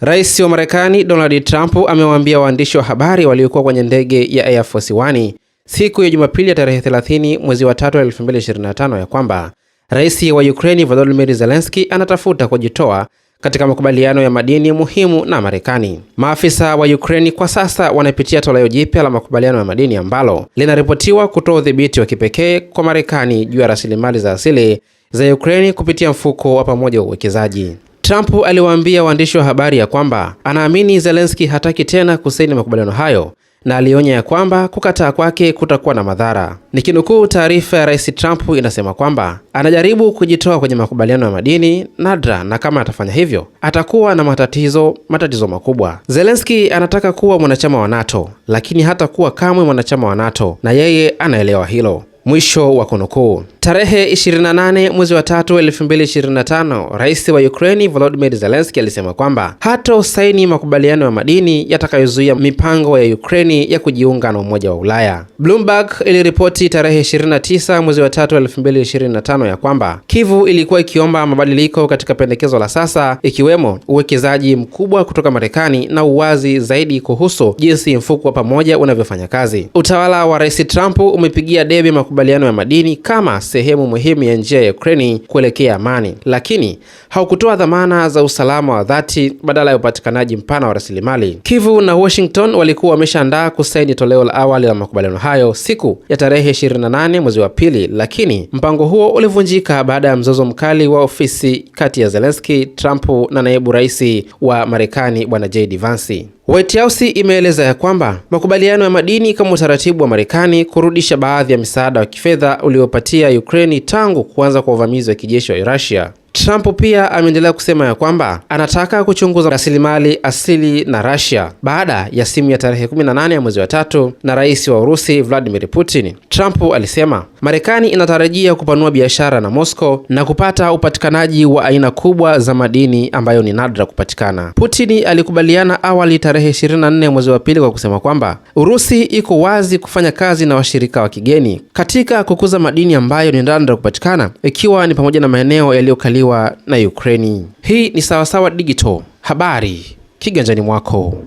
Rais wa Marekani Donald Trump amewaambia waandishi wa habari waliokuwa kwenye ndege ya Air Force One siku ya Jumapili ya tarehe 30 mwezi wa 3 2025 ya kwamba Rais wa Ukraine Volodymyr Zelensky anatafuta kujitoa katika makubaliano ya madini muhimu na Marekani. Maafisa wa Ukraine kwa sasa wanapitia toleo jipya la makubaliano ya madini ambalo linaripotiwa kutoa udhibiti wa kipekee kwa Marekani juu ya rasilimali za asili za Ukraine kupitia mfuko wa pamoja wa uwekezaji. Trump aliwaambia waandishi wa habari ya kwamba anaamini Zelensky hataki tena kusaini makubaliano hayo na alionya ya kwamba kukataa kwake kutakuwa na madhara. Nikinukuu taarifa ya Rais Trump inasema kwamba anajaribu kujitoa kwenye makubaliano ya madini nadra, na kama atafanya hivyo atakuwa na matatizo matatizo makubwa. Zelensky anataka kuwa mwanachama wa NATO, lakini hata kuwa kamwe mwanachama wa NATO, na yeye anaelewa hilo. Mwisho wa kunukuu. Tarehe 28 mwezi wa tatu 2025, rais wa Ukraini Volodymyr Zelensky alisema kwamba usaini makubaliano ya madini yatakayozuia mipango ya Ukraini ya kujiunga na Umoja wa Ulaya. Bloomberg iliripoti tarehe 29 mwezi wa tatu 2025 ya kwamba Kivu ilikuwa ikiomba mabadiliko katika pendekezo la sasa, ikiwemo uwekezaji mkubwa kutoka Marekani na uwazi zaidi kuhusu jinsi mfuko wa pamoja unavyofanya kazi. Utawala wa Rais Trump umepigia debe makubaliano ya madini kama sehemu muhimu ya njia ya Ukraine kuelekea amani, lakini haukutoa dhamana za usalama wa dhati badala ya upatikanaji mpana wa rasilimali. Kivu na Washington walikuwa wameshaandaa kusaini toleo la awali la makubaliano hayo siku ya tarehe 28 mwezi wa pili, lakini mpango huo ulivunjika baada ya mzozo mkali wa ofisi kati ya Zelensky, Trump na naibu rais wa Marekani bwana JD Vance. White House imeeleza ya kwamba makubaliano ya madini kama utaratibu wa Marekani kurudisha baadhi ya msaada wa kifedha uliopatia Ukraine tangu kuanza kwa uvamizi wa kijeshi wa Russia. Trump pia ameendelea kusema ya kwamba anataka kuchunguza rasilimali asili na Russia baada ya simu ya tarehe 18 ya mwezi wa tatu na rais wa Urusi Vladimir Putin. Trump alisema Marekani inatarajia kupanua biashara na Moscow na kupata upatikanaji wa aina kubwa za madini ambayo ni nadra kupatikana. Putin alikubaliana awali tarehe 24 mwezi wa pili kwa kusema kwamba Urusi iko wazi kufanya kazi na washirika wa kigeni katika kukuza madini ambayo ni nadra kupatikana ikiwa ni pamoja na maeneo yaliyokaliwa na Ukraini. Hii ni Sawasawa Digital, habari kiganjani mwako.